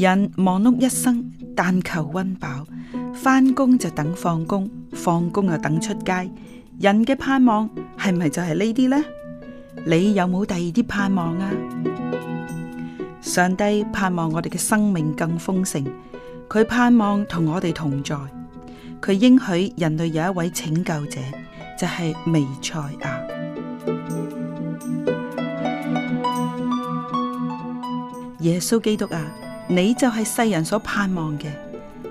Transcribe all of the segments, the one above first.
人忙碌一生，但求溫飽，翻工就等放工，放工又等出街。人嘅盼望係咪就係呢啲呢？你有冇第二啲盼望啊？上帝盼望我哋嘅生命更豐盛，佢盼望同我哋同在，佢應許人類有一位拯救者，就係彌賽亞耶穌基督啊！你就係世人所盼望嘅，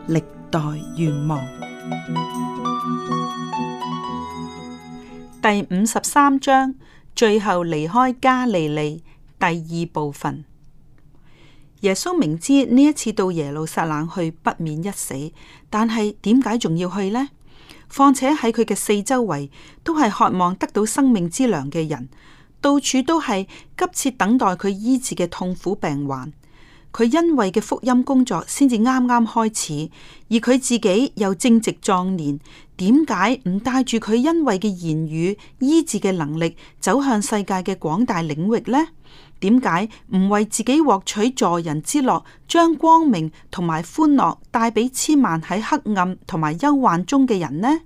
歷代願望。第五十三章最後離開加利利第二部分。耶穌明知呢一次到耶路撒冷去不免一死，但係點解仲要去呢？況且喺佢嘅四周圍都係渴望得到生命之糧嘅人，到處都係急切等待佢醫治嘅痛苦病患。佢恩惠嘅福音工作先至啱啱開始，而佢自己又正值壯年，點解唔帶住佢恩惠嘅言語醫治嘅能力，走向世界嘅廣大領域呢？點解唔為自己獲取助人之樂，將光明同埋歡樂帶俾千萬喺黑暗同埋憂患中嘅人呢？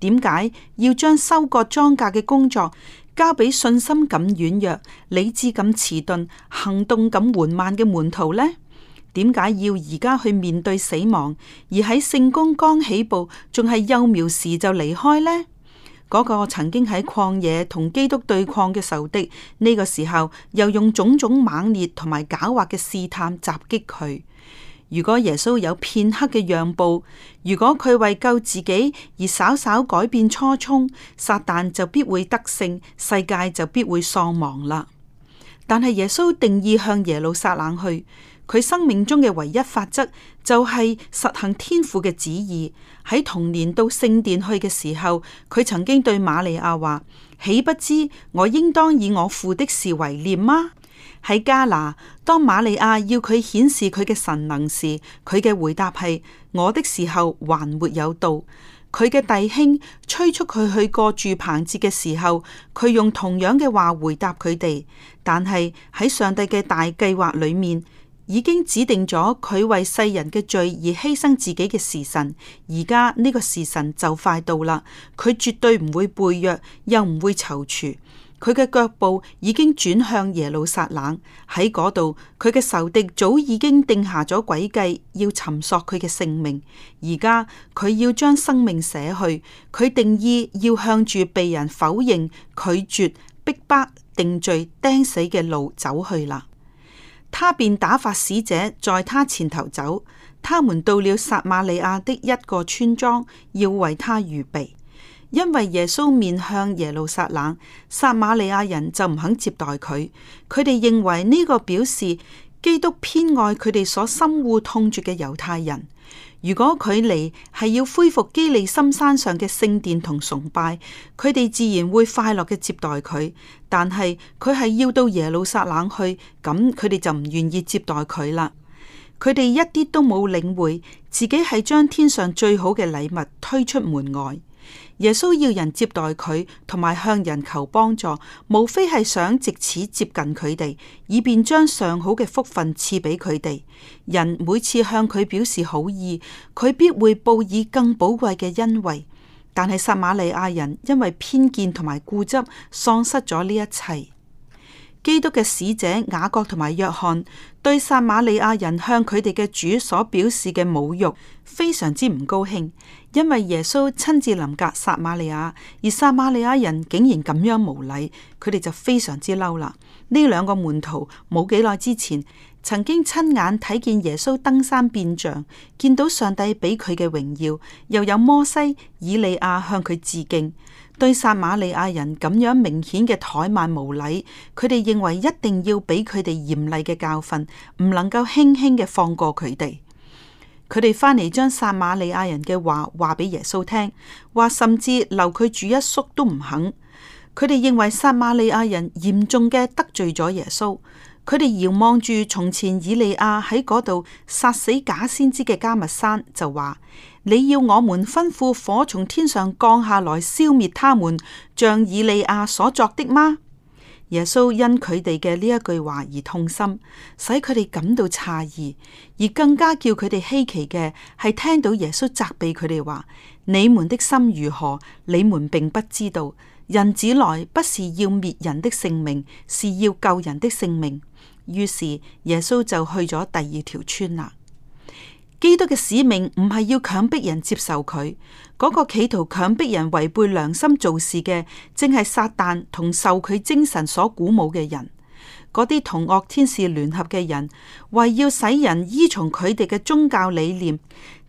點解要將收割莊稼嘅工作？交俾信心咁軟弱、理智咁遲鈍、行動咁緩慢嘅門徒呢？點解要而家去面對死亡，而喺聖工剛起步、仲係幼苗時就離開呢？嗰個曾經喺曠野同基督對抗嘅仇敵，呢個時候又用種種猛烈同埋狡猾嘅試探襲擊佢。如果耶穌有片刻嘅讓步，如果佢為救自己而稍稍改變初衷，撒旦就必會得勝，世界就必會喪亡啦。但係耶穌定意向耶路撒冷去，佢生命中嘅唯一法則就係實行天父嘅旨意。喺童年到聖殿去嘅時候，佢曾經對瑪利亞話：「豈不知我應當以我父的事為念嗎？」喺加拿，當瑪利亞要佢顯示佢嘅神能時，佢嘅回答係我的時候還沒有到。佢嘅弟兄催促佢去過住棚節嘅時候，佢用同樣嘅話回答佢哋。但係喺上帝嘅大計劃裏面，已經指定咗佢為世人嘅罪而犧牲自己嘅時辰。而家呢個時辰就快到啦，佢絕對唔會背約，又唔會躊躇。佢嘅腳步已經轉向耶路撒冷，喺嗰度，佢嘅仇敵早已經定下咗詭計，要尋索佢嘅性命。而家佢要將生命捨去，佢定意要向住被人否認、拒絕、逼迫、定罪、釘死嘅路走去啦。他便打發使者在他前頭走，他們到了撒瑪利亞的一個村莊，要為他預備。因為耶穌面向耶路撒冷，撒瑪利亞人就唔肯接待佢。佢哋認為呢個表示基督偏愛佢哋所深惡痛絕嘅猶太人。如果佢嚟係要恢復基利心山上嘅聖殿同崇拜，佢哋自然會快樂嘅接待佢。但係佢係要到耶路撒冷去，咁佢哋就唔願意接待佢啦。佢哋一啲都冇領會自己係將天上最好嘅禮物推出門外。耶穌要人接待佢，同埋向人求幫助，無非係想借此接近佢哋，以便將上好嘅福分賜俾佢哋。人每次向佢表示好意，佢必會報以更寶貴嘅恩惠。但係撒瑪利亞人因為偏見同埋固執，喪失咗呢一切。基督嘅使者雅各同埋約翰對撒瑪利亞人向佢哋嘅主所表示嘅侮辱非常之唔高興，因為耶穌親自臨格撒瑪利亞，而撒瑪利亞人竟然咁樣無禮，佢哋就非常之嬲啦。呢兩個門徒冇幾耐之前曾經親眼睇見耶穌登山變像，見到上帝俾佢嘅榮耀，又有摩西、以利亞向佢致敬。對撒瑪利亞人咁樣明顯嘅怠慢無禮，佢哋認為一定要俾佢哋嚴厲嘅教訓，唔能夠輕輕嘅放過佢哋。佢哋返嚟將撒瑪利亞人嘅話話俾耶穌聽，話甚至留佢住一宿都唔肯。佢哋認為撒瑪利亞人嚴重嘅得罪咗耶穌。佢哋遙望住從前以利亞喺嗰度殺死假先知嘅迦密山，就話。你要我們吩咐火從天上降下來消滅他們，像以利亞所作的嗎？耶穌因佢哋嘅呢一句話而痛心，使佢哋感到詫異，而更加叫佢哋稀奇嘅係聽到耶穌責備佢哋話：你們的心如何，你們並不知道。人子來不是要滅人的性命，是要救人的性命。於是耶穌就去咗第二條村啦。基督嘅使命唔係要強迫人接受佢嗰個企圖強迫人違背良心做事嘅，正係撒旦同受佢精神所鼓舞嘅人，嗰啲同惡天使聯合嘅人為要使人依從佢哋嘅宗教理念，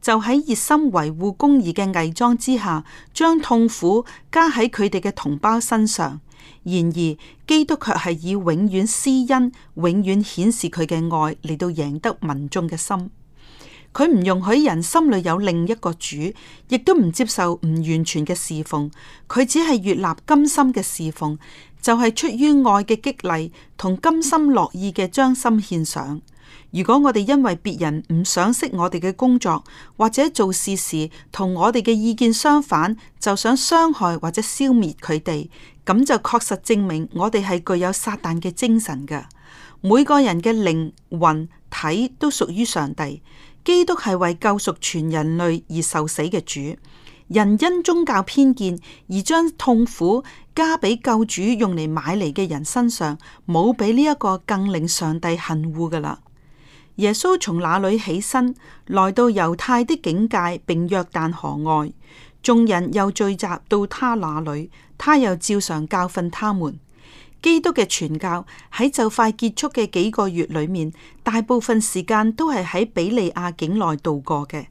就喺熱心維護公義嘅偽裝之下，將痛苦加喺佢哋嘅同胞身上。然而，基督卻係以永遠施恩、永遠顯示佢嘅愛嚟到贏得民眾嘅心。佢唔容許人心裏有另一個主，亦都唔接受唔完全嘅侍奉。佢只係越立甘心嘅侍奉，就係出於愛嘅激勵同甘心樂意嘅將心獻上。如果我哋因為別人唔想識我哋嘅工作或者做事時同我哋嘅意見相反，就想傷害或者消滅佢哋，咁就確實證明我哋係具有撒旦嘅精神噶。每個人嘅靈魂體都屬於上帝。基督係為救贖全人類而受死嘅主，人因宗教偏見而將痛苦加俾救主用嚟買嚟嘅人身上，冇比呢一個更令上帝恨污恨惡噶啦。耶穌從那裏起身，來到猶太的境界，並約旦河外，眾人又聚集到他那裏，他又照常教訓他們。基督嘅傳教喺就快結束嘅幾個月裏面，大部分時間都係喺比利亞境內度過嘅。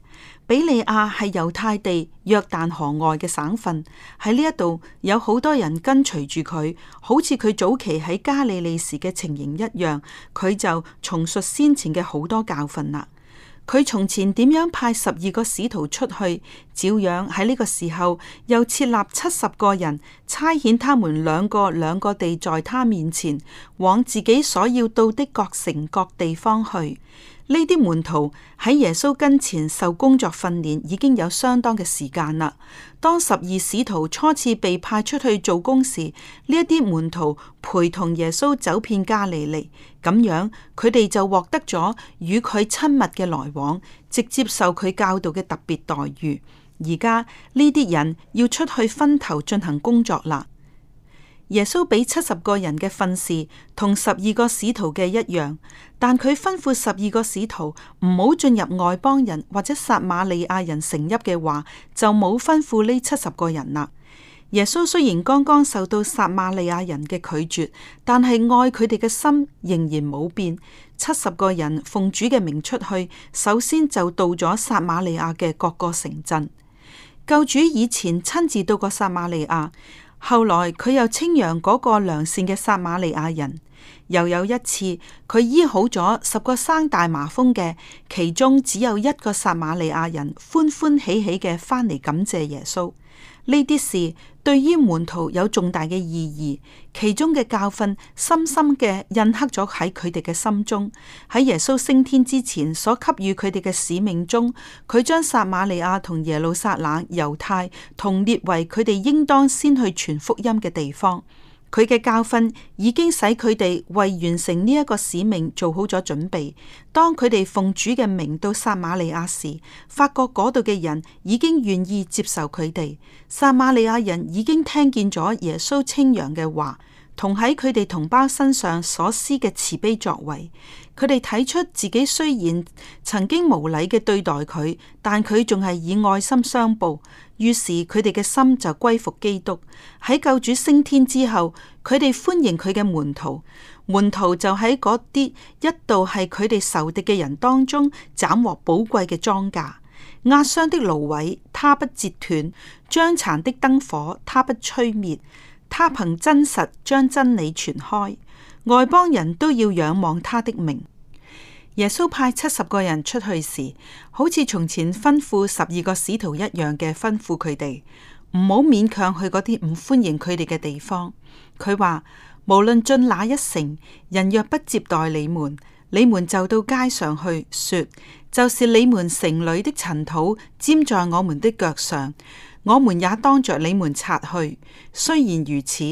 比利亞係猶太地約旦河外嘅省份，喺呢一度有好多人跟隨住佢，好似佢早期喺加利利時嘅情形一樣，佢就重述先前嘅好多教訓啦。佢從前點樣派十二個使徒出去，照樣喺呢個時候又設立七十個人，差遣他們兩個兩個地在他面前，往自己所要到的各城各地方去。呢啲門徒喺耶穌跟前受工作訓練已經有相當嘅時間啦。當十二使徒初次被派出去做工時，呢一啲門徒陪同耶穌走遍加利利，咁樣，佢哋就獲得咗與佢親密嘅來往，直接受佢教導嘅特別待遇。而家，呢啲人要出去分頭進行工作啦。耶穌俾七十個人嘅訓示同十二個使徒嘅一樣，但佢吩咐十二個使徒唔好進入外邦人或者撒瑪利亞人城邑嘅話，就冇吩咐呢七十個人啦。耶穌雖然剛剛受到撒瑪利亞人嘅拒絕，但係愛佢哋嘅心仍然冇變。七十個人奉主嘅名出去，首先就到咗撒瑪利亞嘅各個城鎮。救主以前親自到過撒瑪利亞。後來佢又稱揚嗰個良善嘅撒瑪利亞人，又有一次佢醫好咗十個生大麻風嘅，其中只有一個撒瑪利亞人歡歡喜喜嘅返嚟感謝耶穌。呢啲事對於門徒有重大嘅意義，其中嘅教訓深深嘅印刻咗喺佢哋嘅心中。喺耶穌升天之前所給予佢哋嘅使命中，佢將撒瑪利亞同耶路撒冷、猶太同列為佢哋應當先去傳福音嘅地方。佢嘅教訓已經使佢哋為完成呢一個使命做好咗準備。當佢哋奉主嘅名到撒瑪利亞時，發覺嗰度嘅人已經願意接受佢哋。撒瑪利亞人已經聽見咗耶穌清揚嘅話。同喺佢哋同胞身上所施嘅慈悲作為，佢哋睇出自己雖然曾經無禮嘅對待佢，但佢仲係以愛心相報。於是佢哋嘅心就歸服基督。喺救主升天之後，佢哋歡迎佢嘅門徒，門徒就喺嗰啲一度係佢哋仇敵嘅人當中，斬獲寶貴嘅莊稼。壓傷的蘆葦，他不折斷；將殘的燈火，他不吹滅。他憑真實將真理傳開，外邦人都要仰望他的名。耶穌派七十個人出去時，好似從前吩咐十二個使徒一樣嘅吩咐佢哋，唔好勉強去嗰啲唔歡迎佢哋嘅地方。佢話無論進哪一城，人若不接待你們，你們就到街上去說，就是你們城裏的塵土沾在我們的腳上。我們也當着你們擦去。雖然如此，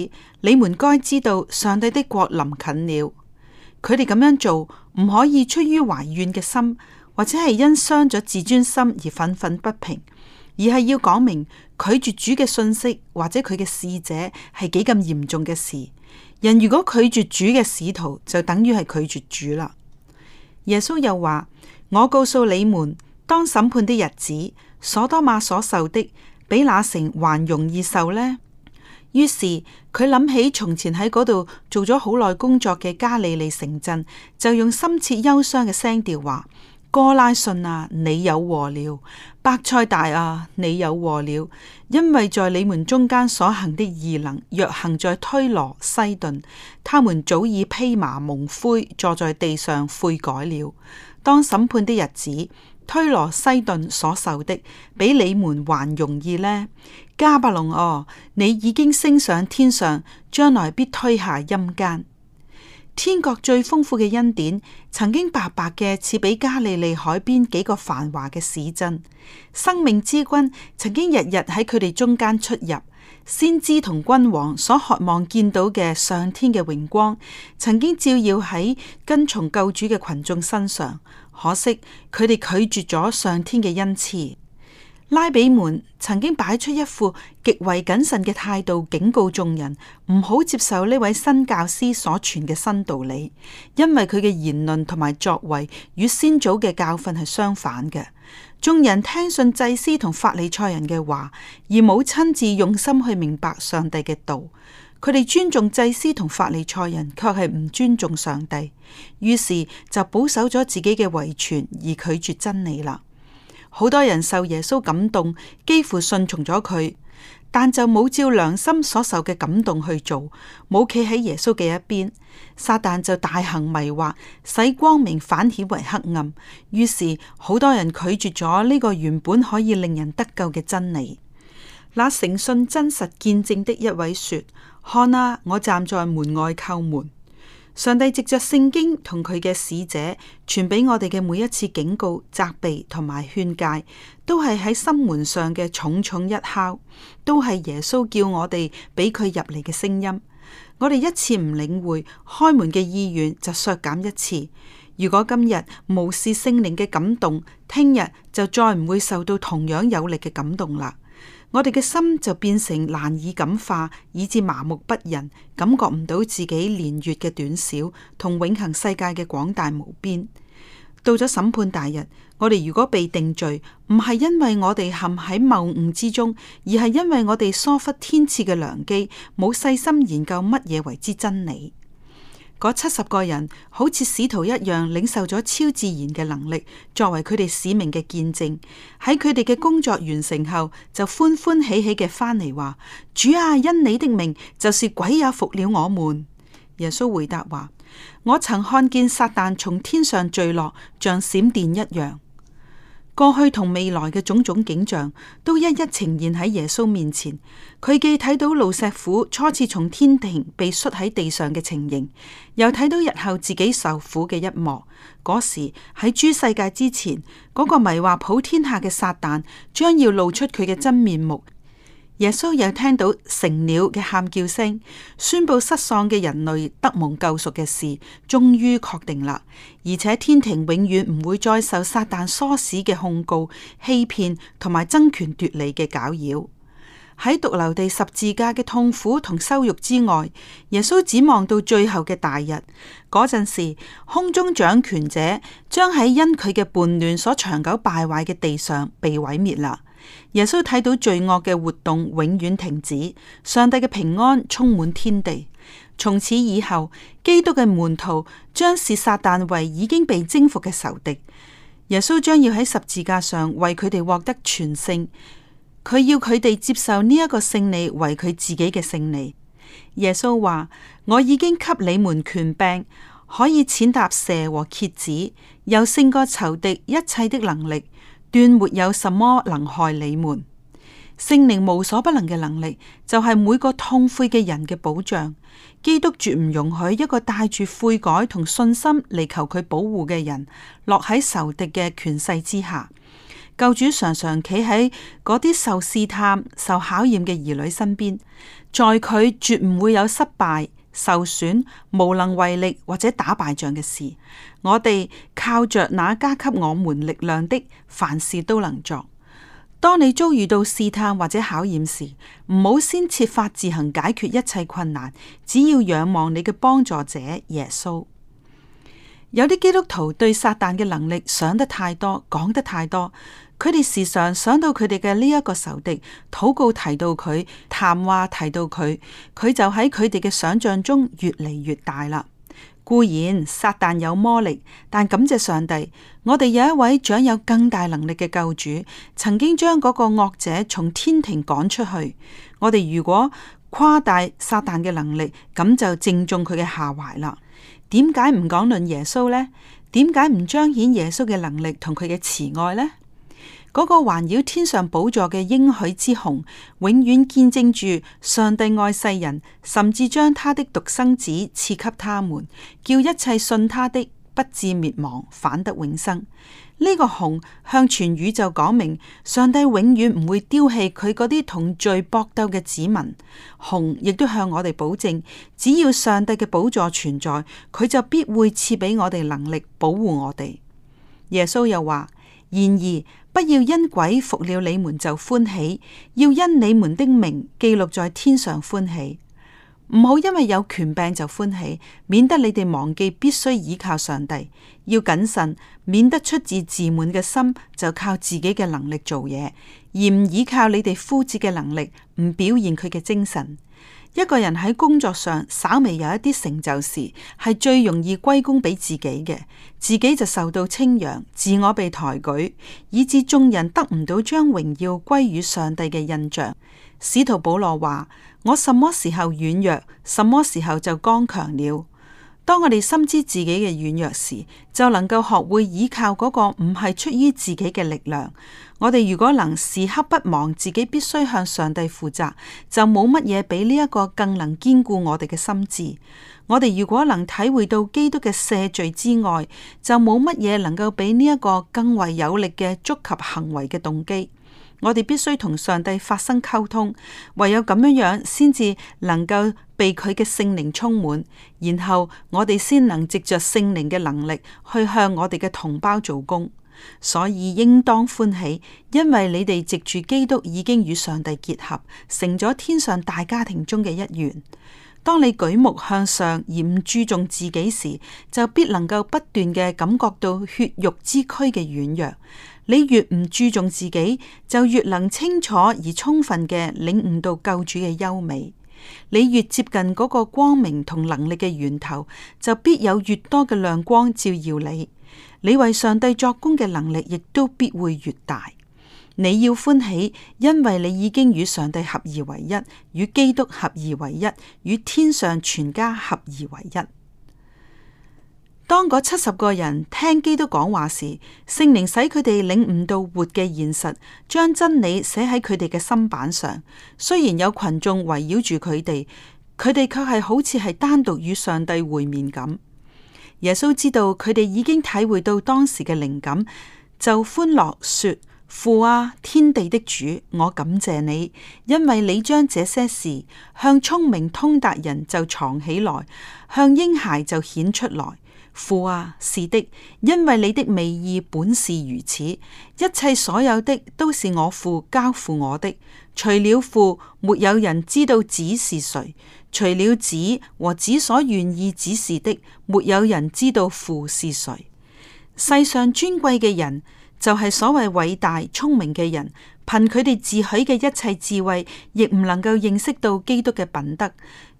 你們該知道上帝的國臨近了。佢哋咁樣做唔可以出於懷怨嘅心，或者係因傷咗自尊心而憤憤不平，而係要講明拒絕主嘅訊息或者佢嘅使者係幾咁嚴重嘅事。人如果拒絕主嘅使徒，就等於係拒絕主啦。耶穌又話：我告訴你們，當審判的日子，所多瑪所受的，比那城還容易受呢？於是佢諗起從前喺嗰度做咗好耐工作嘅加利利城鎮，就用深切憂傷嘅聲調話：哥拉汛啊，你有禍了；伯賽大啊，你有禍了。因為在你們中間所行的異能，若行在推羅、西頓，他們早已披麻蒙灰坐在地上悔改了。當審判的日子。推羅西頓所受的，比你們還容易呢。迦百農哦，你已經升上天上，將來必推下陰間。天國最豐富嘅恩典，曾經白白嘅賜俾加利利海邊幾個繁華嘅市鎮。生命之君曾經日日喺佢哋中間出入，先知同君王所渴望見到嘅上天嘅榮光，曾經照耀喺跟從救主嘅群眾身上。可惜佢哋拒絕咗上天嘅恩賜。拉比們曾經擺出一副極為謹慎嘅態度，警告眾人唔好接受呢位新教師所傳嘅新道理，因為佢嘅言論同埋作為與先祖嘅教訓係相反嘅。眾人聽信祭司同法利賽人嘅話，而冇親自用心去明白上帝嘅道。佢哋尊重祭司同法利賽人，卻係唔尊重上帝。於是就保守咗自己嘅遺傳而拒絕真理啦。好多人受耶穌感動，幾乎順從咗佢，但就冇照良心所受嘅感動去做，冇企喺耶穌嘅一邊。撒旦就大行迷惑，使光明反顯為黑暗。於是好多人拒絕咗呢個原本可以令人得救嘅真理。那誠信真實見證的一位說。看啦、啊，我站在門外叩門。上帝藉着聖經同佢嘅使者傳俾我哋嘅每一次警告、責備同埋勸誡，都係喺心門上嘅重重一敲，都係耶穌叫我哋俾佢入嚟嘅聲音。我哋一次唔領會，開門嘅意願就削減一次。如果今日無視聖靈嘅感動，聽日就再唔會受到同樣有力嘅感動啦。我哋嘅心就變成難以感化，以致麻木不仁，感覺唔到自己年月嘅短小，同永恒世界嘅廣大無邊。到咗審判大日，我哋如果被定罪，唔係因為我哋陷喺謬誤之中，而係因為我哋疏忽天賜嘅良機，冇細心研究乜嘢為之真理。嗰七十個人好似使徒一樣，領受咗超自然嘅能力，作為佢哋使命嘅見證。喺佢哋嘅工作完成後，就歡歡喜喜嘅返嚟話：主啊，因你的名，就是鬼也服了我們。耶穌回答話：我曾看見撒旦從天上墜落，像閃電一樣。過去同未來嘅種種景象，都一一呈現喺耶穌面前。佢既睇到路石虎初次從天庭被摔喺地上嘅情形，又睇到日後自己受苦嘅一幕。嗰時喺諸世界之前，嗰、那個迷惑普天下嘅撒旦，將要露出佢嘅真面目。耶穌又聽到成了嘅喊叫聲，宣布失喪嘅人類得蒙救贖嘅事終於確定啦，而且天庭永遠唔會再受撒旦唆使嘅控告、欺騙同埋爭權奪利嘅攪擾。喺髑髏地十字架嘅痛苦同羞辱之外，耶穌展望到最後嘅大日，嗰陣時空中掌權者將喺因佢嘅叛亂所長久敗壞嘅地上被毀滅啦。耶穌睇到罪惡嘅活動永遠停止，上帝嘅平安充滿天地。從此以後，基督嘅門徒將是撒旦為已經被征服嘅仇敵。耶穌將要喺十字架上為佢哋獲得全勝，佢要佢哋接受呢一個勝利為佢自己嘅勝利。耶穌話：我已經給你們權柄，可以踐踏蛇和蠍子，有勝過仇敵一切的能力。斷沒有什麼能害你們，聖靈無所不能嘅能力就係每個痛悔嘅人嘅保障。基督絕唔容許一個帶住悔改同信心嚟求佢保護嘅人落喺仇敵嘅權勢之下。救主常常企喺嗰啲受試探、受考驗嘅兒女身邊，在佢絕唔會有失敗。.受損、無能為力或者打敗仗嘅事，我哋靠着那加給我們力量的，凡事都能做。當你遭遇到試探或者考驗時，唔好先設法自行解決一切困難，只要仰望你嘅幫助者耶穌。有啲基督徒對撒旦嘅能力想得太多，講得太多，佢哋時常想到佢哋嘅呢一個仇敵，禱告提到佢，談話提到佢，佢就喺佢哋嘅想象中越嚟越大啦。固然撒旦有魔力，但感謝上帝，我哋有一位長有更大能力嘅救主，曾經將嗰個惡者從天庭趕出去。我哋如果誇大撒旦嘅能力，咁就正中佢嘅下懷啦。點解唔講論耶穌呢？點解唔彰顯耶穌嘅能力同佢嘅慈愛呢？嗰、那個環繞天上寶座嘅應許之虹，永遠見證住上帝愛世人，甚至將他的獨生子賜給他們，叫一切信他的不至滅亡，反得永生。呢個虹向全宇宙講明，上帝永遠唔會丟棄佢嗰啲同罪搏鬥嘅子民。虹亦都向我哋保證，只要上帝嘅寶座存在，佢就必會賜俾我哋能力保護我哋。耶穌又話：然而不要因鬼服了你們就歡喜，要因你們的名記錄在天上歡喜。唔好因為有權柄就歡喜，免得你哋忘記必須依靠上帝。要謹慎，免得出自自滿嘅心就靠自己嘅能力做嘢，而唔依靠你哋夫子嘅能力，唔表現佢嘅精神。一個人喺工作上稍微有一啲成就時，係最容易歸功俾自己嘅，自己就受到稱揚，自我被抬舉，以致眾人得唔到將榮耀歸於上帝嘅印象。使徒保羅話。我什麼時候軟弱，什麼時候就剛強了。當我哋深知自己嘅軟弱時，就能夠學會依靠嗰個唔係出於自己嘅力量。我哋如果能時刻不忘自己必須向上帝負責，就冇乜嘢比呢一個更能堅固我哋嘅心智。我哋如果能體會到基督嘅赦罪之外，就冇乜嘢能夠比呢一個更為有力嘅觸及行為嘅動機。我哋必須同上帝發生溝通，唯有咁樣樣先至能夠被佢嘅聖靈充滿，然後我哋先能藉着聖靈嘅能力去向我哋嘅同胞做工。所以應當歡喜，因為你哋藉住基督已經與上帝結合，成咗天上大家庭中嘅一員。當你舉目向上而唔注重自己時，就必能夠不斷嘅感覺到血肉之軀嘅軟弱。你越唔注重自己，就越能清楚而充分嘅領悟到救主嘅優美。你越接近嗰個光明同能力嘅源頭，就必有越多嘅亮光照耀你。你為上帝作工嘅能力，亦都必會越大。你要歡喜，因為你已經與上帝合而為一，與基督合而為一，與天上全家合而為一。當嗰七十個人聽基督講話時，聖靈使佢哋領悟到活嘅現實，將真理寫喺佢哋嘅心板上。雖然有群眾圍繞住佢哋，佢哋卻係好似係單獨與上帝會面咁。耶穌知道佢哋已經體會到當時嘅靈感，就歡樂說：父啊，天地的主，我感謝你，因為你將這些事向聰明通達人就藏起來，向嬰孩就顯出來。父啊，是的，因為你的美意本是如此，一切所有的都是我父交付我的。除了父，沒有人知道子是誰；除了子和子所願意指示的，沒有人知道父是誰。世上尊貴嘅人，就係所謂偉大聰明嘅人，憑佢哋自許嘅一切智慧，亦唔能夠認識到基督嘅品德。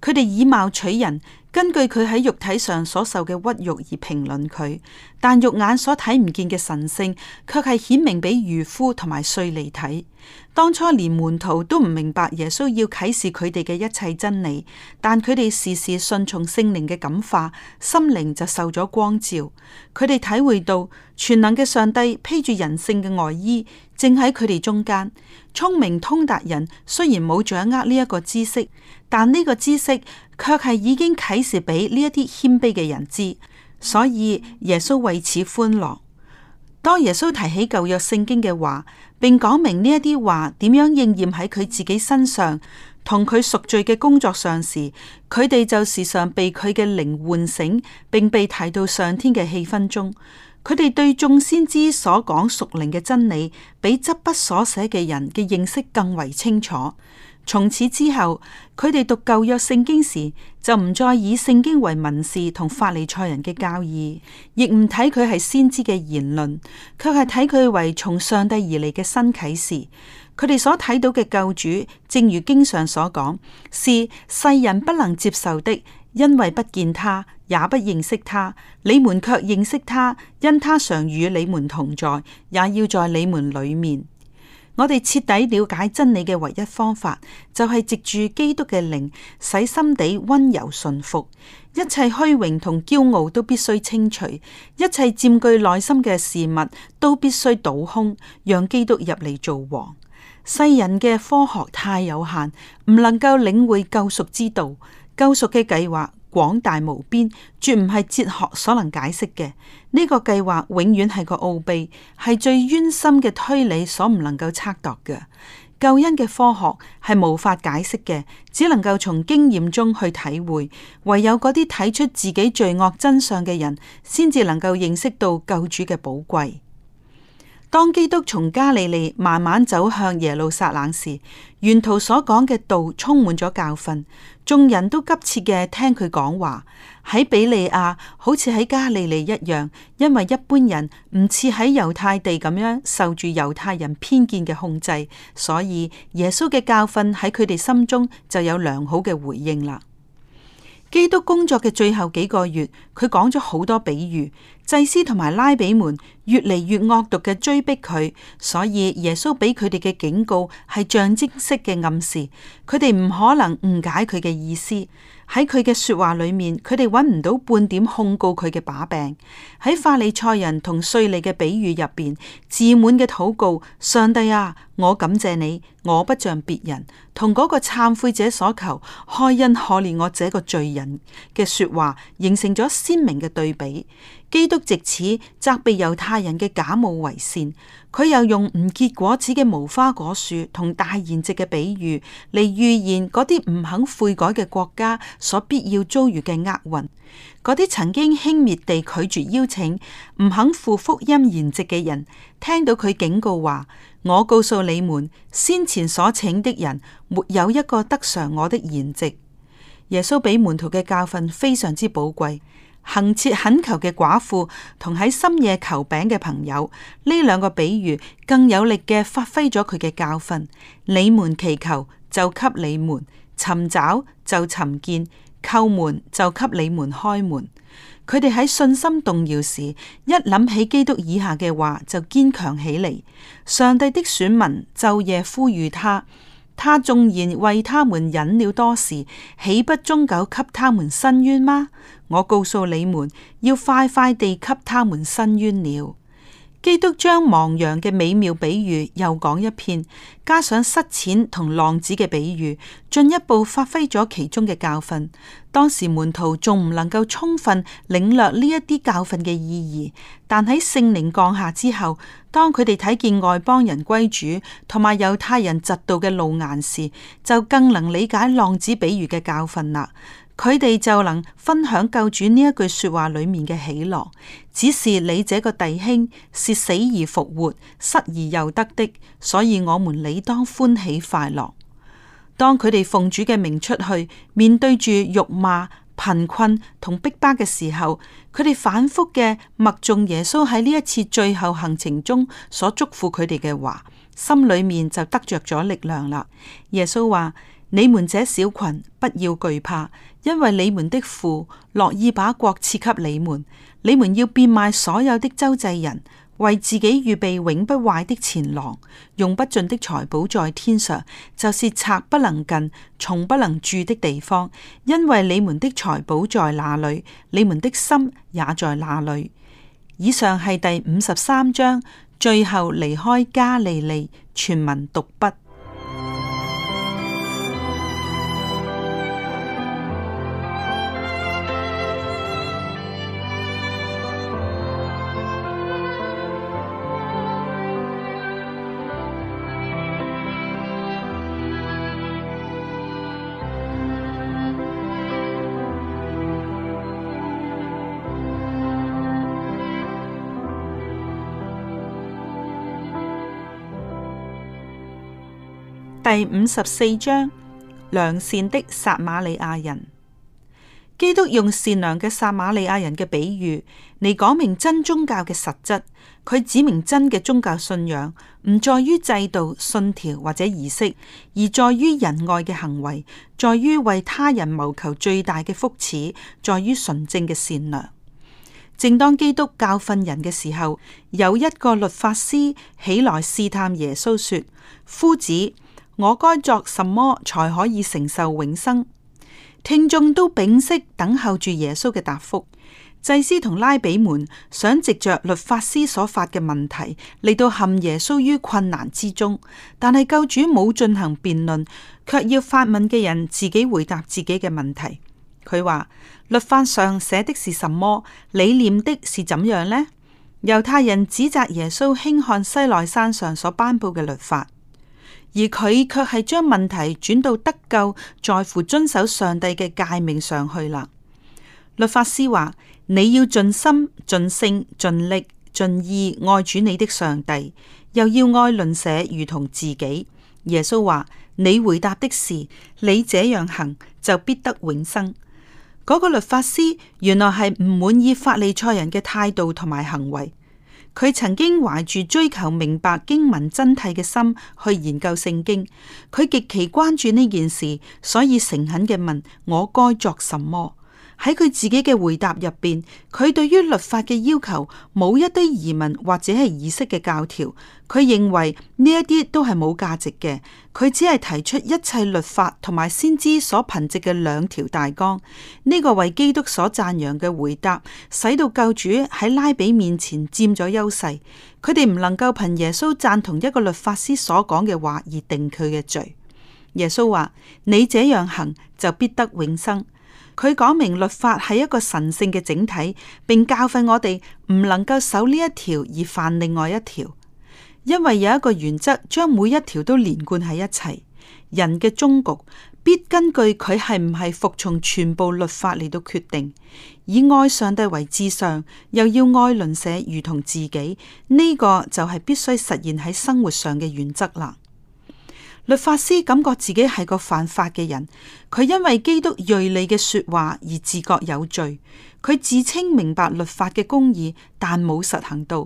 佢哋以貌取人。根據佢喺肉體上所受嘅屈辱而評論佢，但肉眼所睇唔見嘅神聖，却係顯明俾漁夫同埋稅吏睇。當初連門徒都唔明白耶穌要啟示佢哋嘅一切真理，但佢哋時時順從聖靈嘅感化，心靈就受咗光照。佢哋體會到全能嘅上帝披住人性嘅外衣，正喺佢哋中間。聰明通達人雖然冇掌握呢一個知識。但呢個知識卻係已經啟示俾呢一啲謙卑嘅人知，所以耶穌為此歡樂。當耶穌提起舊約聖經嘅話，並講明呢一啲話點樣應驗喺佢自己身上，同佢贖罪嘅工作上時，佢哋就時常被佢嘅靈喚醒，並被提到上天嘅氣氛中。佢哋對眾先知所講屬靈嘅真理，比執筆所寫嘅人嘅認識更為清楚。從此之後，佢哋讀舊約聖經時，就唔再以聖經為文士同法利賽人嘅教義，亦唔睇佢係先知嘅言論，卻係睇佢為從上帝而嚟嘅新啟示。佢哋所睇到嘅救主，正如經上所講，是世人不能接受的，因為不見他，也不認識他。你們卻認識他，因他常與你們同在，也要在你們裏面。我哋徹底了解真理嘅唯一方法，就係、是、藉住基督嘅靈，使心地温柔順服，一切虛榮同驕傲都必須清除，一切佔據內心嘅事物都必須倒空，讓基督入嚟做王。世人嘅科學太有限，唔能夠領會救贖之道，救贖嘅計劃。廣大無邊，絕唔係哲學所能解釋嘅。呢、這個計劃永遠係個奧秘，係最冤心嘅推理所唔能夠測度嘅。救恩嘅科學係無法解釋嘅，只能夠從經驗中去體會。唯有嗰啲睇出自己罪惡真相嘅人，先至能夠認識到救主嘅寶貴。當基督從加利利慢慢走向耶路撒冷時，沿途所講嘅道充滿咗教訓。眾人都急切嘅聽佢講話，喺比利亞好似喺加利利一樣，因為一般人唔似喺猶太地咁樣受住猶太人偏見嘅控制，所以耶穌嘅教訓喺佢哋心中就有良好嘅回應啦。基督工作嘅最後幾個月，佢講咗好多比喻。祭司同埋拉比們越嚟越惡毒嘅追逼佢，所以耶穌俾佢哋嘅警告係象徵式嘅暗示，佢哋唔可能誤解佢嘅意思。喺佢嘅說話裏面，佢哋揾唔到半點控告佢嘅把柄。喺法利賽人同稅吏嘅比喻入邊，自滿嘅禱告：上帝啊，我感謝你，我不像別人。同嗰個懺悔者所求開恩可憐我這個罪人嘅說話，形成咗鮮明嘅對比。基督藉此責備猶太人嘅假冒為善，佢又用唔結果子嘅無花果樹同大筵席嘅比喻嚟預言嗰啲唔肯悔改嘅國家所必要遭遇嘅厄運。嗰啲曾經輕蔑地拒絕邀請，唔肯赴福音筵席嘅人，聽到佢警告話：「我告訴你們，先前所請的人，沒有一個得嘗我的筵席。耶穌俾門徒嘅教訓非常之寶貴。行恆切懇求嘅寡婦同喺深夜求餅嘅朋友，呢兩個比喻更有力嘅發揮咗佢嘅教訓。你們祈求，就給你們；尋找，就尋見；叩門，就給你們開門。佢哋喺信心動搖時，一諗起基督以下嘅話，就堅強起嚟。上帝的選民晝夜呼籲他。他縱然為他們忍了多時，豈不終久給他們伸冤嗎？我告訴你們，要快快地給他們伸冤了。基督將亡羊嘅美妙比喻又講一遍，加上失錢同浪子嘅比喻，進一步發揮咗其中嘅教訓。當時門徒仲唔能夠充分領略呢一啲教訓嘅意義，但喺聖靈降下之後，當佢哋睇見外邦人歸主同埋猶太人疾道嘅路顏時，就更能理解浪子比喻嘅教訓啦。佢哋就能分享救主呢一句說話裏面嘅喜樂。只是你這個弟兄是死而復活、失而又得的，所以我們理當歡喜快樂。當佢哋奉主嘅名出去，面對住辱罵、貧困同逼迫嘅時候，佢哋反復嘅默誦耶穌喺呢一次最後行程中所囑咐佢哋嘅話，心裏面就得着咗力量啦。耶穌話。你們這小群不要懼怕，因為你們的父樂意把國賜給你們。你們要變賣所有的，周濟人，為自己預備永不壞的錢囊，用不盡的財寶在天上，就是賊不能近，蟲不能蛀的地方。因為你們的財寶在哪裏，你們的心也在哪裏。以上係第五十三章最後離開加利利，全文讀畢。五十四章，良善的撒瑪利亞人，基督用善良嘅撒瑪利亞人嘅比喻嚟講明真宗教嘅實質。佢指明真嘅宗教信仰唔在於制度、信條或者儀式，而在於仁愛嘅行為，在於為他人謀求最大嘅福祉，在於純正嘅善良。正當基督教訓人嘅時候，有一個律法師起來試探耶穌，說：夫子。我該作什麼才可以承受永生？聽眾都屏息等候住耶穌嘅答覆祭司同拉比們想藉着律法師所發嘅問題嚟到陷耶穌於困難之中，但係救主冇進行辯論，卻要發問嘅人自己回答自己嘅問題。佢話，律法上寫的是什麼？你念的是怎樣呢？猶太人指責耶穌輕看西奈山上所頒布嘅律法。而佢卻係將問題轉到得救在乎遵守上帝嘅誡命上去啦。律法師話：你要盡心、盡性、盡力、盡意愛主你的上帝，又要愛鄰舍如同自己。耶穌話：你回答的是，你這樣行就必得永生。嗰、那個律法師原來係唔滿意法利賽人嘅態度同埋行為。佢曾經懷住追求明白經文真諦嘅心去研究聖經，佢極其關注呢件事，所以誠懇嘅問我該作什麼。喺佢自己嘅回答入邊，佢對於律法嘅要求冇一啲疑問或者係意識嘅教條。佢認為呢一啲都係冇價值嘅。佢只係提出一切律法同埋先知所憑藉嘅兩條大綱。呢、這個為基督所讚揚嘅回答，使到救主喺拉比面前佔咗優勢。佢哋唔能夠憑耶穌贊同一個律法師所講嘅話而定佢嘅罪。耶穌話：你這樣行就必得永生。佢講明律法係一個神聖嘅整體，並教訓我哋唔能夠守呢一條而犯另外一條，因為有一個原則將每一條都連貫喺一齊。人嘅終局必根據佢係唔係服從全部律法嚟到決定。以愛上帝為至上，又要愛鄰舍如同自己，呢個就係必須實現喺生活上嘅原則啦。律法師感覺自己係個犯法嘅人，佢因為基督銳利嘅說話而自覺有罪，佢自稱明白律法嘅公義，但冇實行到，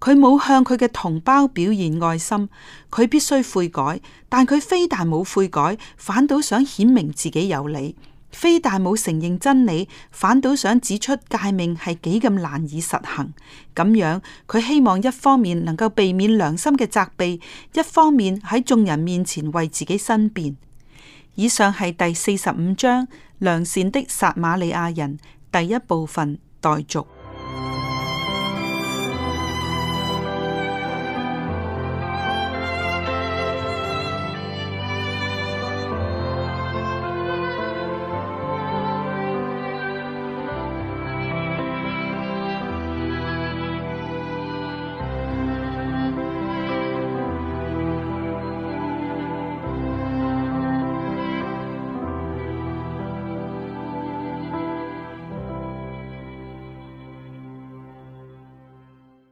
佢冇向佢嘅同胞表現愛心，佢必須悔改，但佢非但冇悔改，反倒想顯明自己有理。非但冇承認真理，反倒想指出誡命係幾咁難以實行。咁樣，佢希望一方面能夠避免良心嘅責備，一方面喺眾人面前為自己申辯。以上係第四十五章良善的撒瑪利亞人第一部分待續。